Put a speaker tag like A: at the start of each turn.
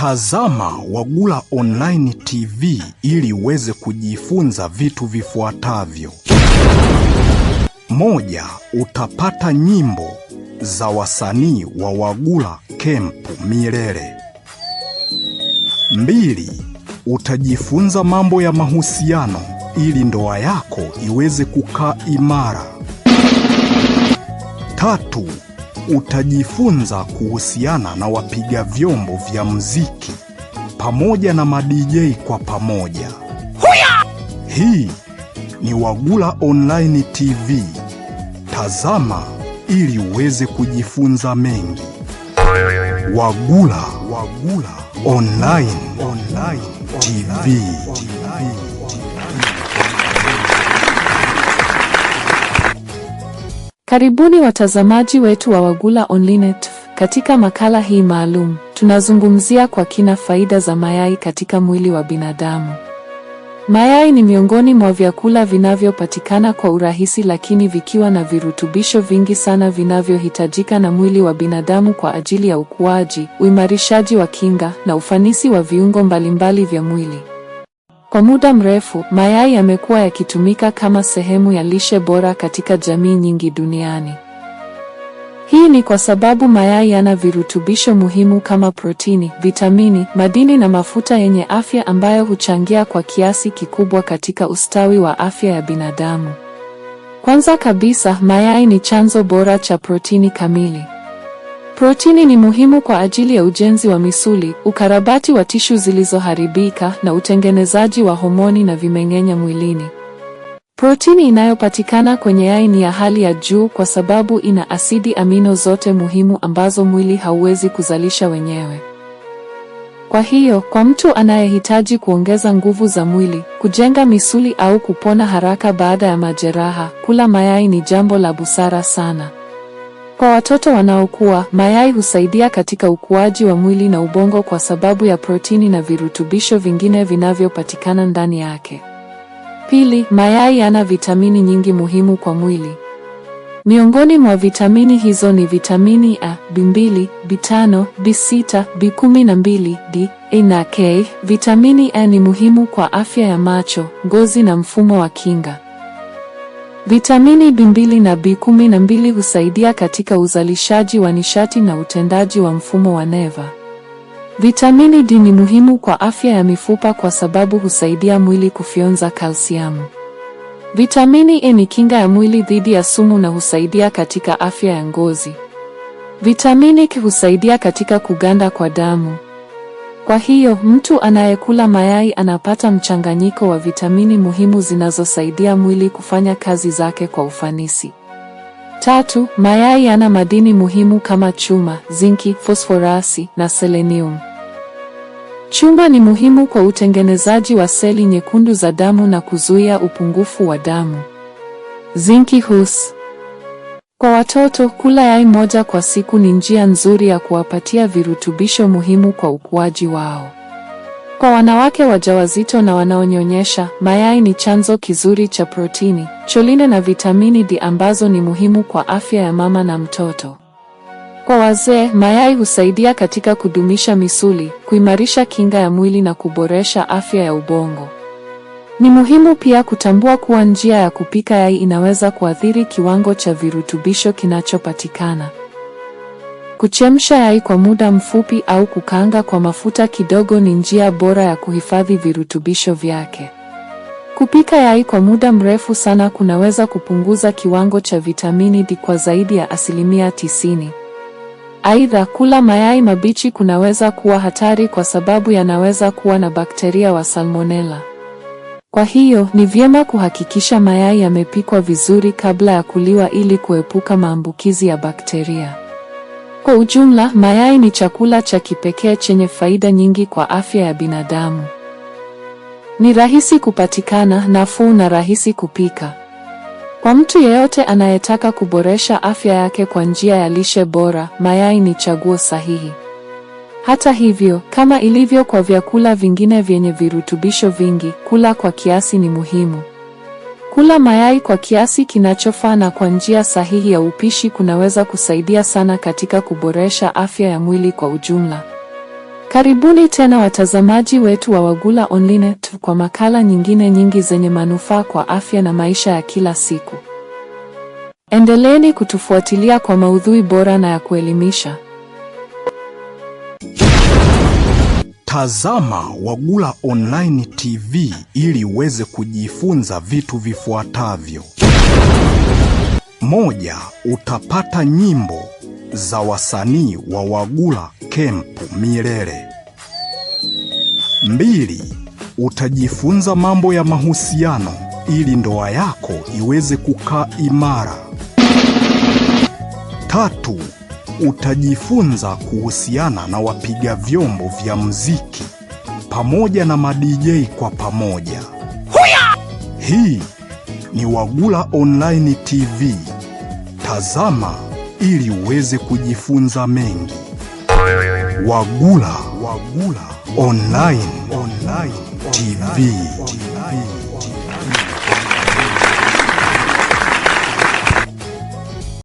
A: Tazama Wagula Online TV ili uweze kujifunza vitu vifuatavyo. Moja, utapata nyimbo za wasanii wa Wagula Camp Milele. Mbili, utajifunza mambo ya mahusiano ili ndoa yako iweze kukaa imara. Tatu, utajifunza kuhusiana na wapiga vyombo vya muziki pamoja na madj kwa pamoja. Huya! Hii ni Wagula Online TV. Tazama ili uweze kujifunza mengi. Wagula, Wagula Online, Online TV.
B: Karibuni watazamaji wetu wa Wagula Online TV. Katika makala hii maalum, tunazungumzia kwa kina faida za mayai katika mwili wa binadamu. Mayai ni miongoni mwa vyakula vinavyopatikana kwa urahisi lakini vikiwa na virutubisho vingi sana vinavyohitajika na mwili wa binadamu kwa ajili ya ukuaji, uimarishaji wa kinga na ufanisi wa viungo mbalimbali vya mwili. Kwa muda mrefu, mayai yamekuwa yakitumika kama sehemu ya lishe bora katika jamii nyingi duniani. Hii ni kwa sababu mayai yana virutubisho muhimu kama protini, vitamini, madini na mafuta yenye afya ambayo huchangia kwa kiasi kikubwa katika ustawi wa afya ya binadamu. Kwanza kabisa, mayai ni chanzo bora cha protini kamili. Protini ni muhimu kwa ajili ya ujenzi wa misuli, ukarabati wa tishu zilizoharibika na utengenezaji wa homoni na vimeng'enya mwilini. Protini inayopatikana kwenye yai ni ya hali ya juu kwa sababu ina asidi amino zote muhimu ambazo mwili hauwezi kuzalisha wenyewe. Kwa hiyo, kwa mtu anayehitaji kuongeza nguvu za mwili, kujenga misuli au kupona haraka baada ya majeraha, kula mayai ni jambo la busara sana. Kwa watoto wanaokuwa mayai husaidia katika ukuaji wa mwili na ubongo kwa sababu ya protini na virutubisho vingine vinavyopatikana ndani yake. Pili, mayai yana vitamini nyingi muhimu kwa mwili. Miongoni mwa vitamini hizo ni vitamini A, B2, B5, B6, B12, D, E na K. Vitamini A ni muhimu kwa afya ya macho, ngozi na mfumo wa kinga. Vitamini B2 na B12 husaidia katika uzalishaji wa nishati na utendaji wa mfumo wa neva. Vitamini D ni muhimu kwa afya ya mifupa kwa sababu husaidia mwili kufyonza kalsiamu. Vitamini E ni kinga ya mwili dhidi ya sumu na husaidia katika afya ya ngozi. Vitamini K husaidia katika kuganda kwa damu. Kwa hiyo mtu anayekula mayai anapata mchanganyiko wa vitamini muhimu zinazosaidia mwili kufanya kazi zake kwa ufanisi. Tatu, mayai yana madini muhimu kama chuma, zinki, fosforasi na selenium. Chuma ni muhimu kwa utengenezaji wa seli nyekundu za damu na kuzuia upungufu wa damu. Zinki hus kwa watoto, kula yai moja kwa siku ni njia nzuri ya kuwapatia virutubisho muhimu kwa ukuaji wao. Kwa wanawake wajawazito na wanaonyonyesha, mayai ni chanzo kizuri cha protini, choline na vitamini D ambazo ni muhimu kwa afya ya mama na mtoto. Kwa wazee, mayai husaidia katika kudumisha misuli, kuimarisha kinga ya mwili na kuboresha afya ya ubongo. Ni muhimu pia kutambua kuwa njia ya kupika yai inaweza kuathiri kiwango cha virutubisho kinachopatikana. Kuchemsha yai kwa muda mfupi au kukaanga kwa mafuta kidogo ni njia bora ya kuhifadhi virutubisho vyake. Kupika yai kwa muda mrefu sana kunaweza kupunguza kiwango cha vitamini D kwa zaidi ya asilimia tisini. Aidha, kula mayai mabichi kunaweza kuwa hatari kwa sababu yanaweza kuwa na bakteria wa salmonella. Kwa hiyo ni vyema kuhakikisha mayai yamepikwa vizuri kabla ya kuliwa ili kuepuka maambukizi ya bakteria. Kwa ujumla, mayai ni chakula cha kipekee chenye faida nyingi kwa afya ya binadamu. Ni rahisi kupatikana, nafuu na rahisi kupika. Kwa mtu yeyote anayetaka kuboresha afya yake kwa njia ya lishe bora, mayai ni chaguo sahihi. Hata hivyo, kama ilivyo kwa vyakula vingine vyenye virutubisho vingi, kula kwa kiasi ni muhimu. Kula mayai kwa kiasi kinachofaa na kwa njia
A: sahihi ya upishi kunaweza kusaidia sana katika kuboresha afya ya mwili kwa ujumla. Karibuni tena watazamaji wetu wa Wagula Online kwa makala nyingine nyingi zenye manufaa kwa afya na maisha ya kila siku. Endeleeni kutufuatilia kwa maudhui bora na ya kuelimisha. Tazama Wagula Online TV ili uweze kujifunza vitu vifuatavyo. Moja, utapata nyimbo za wasanii wa Wagula Kempu Milele. Mbili, utajifunza mambo ya mahusiano ili ndoa yako iweze kukaa imara. Tatu, utajifunza kuhusiana na wapiga vyombo vya muziki pamoja na madj kwa pamoja. Huya! Hii ni Wagula Online TV. Tazama ili uweze kujifunza mengi. Wagula, Wagula Online, Online TV.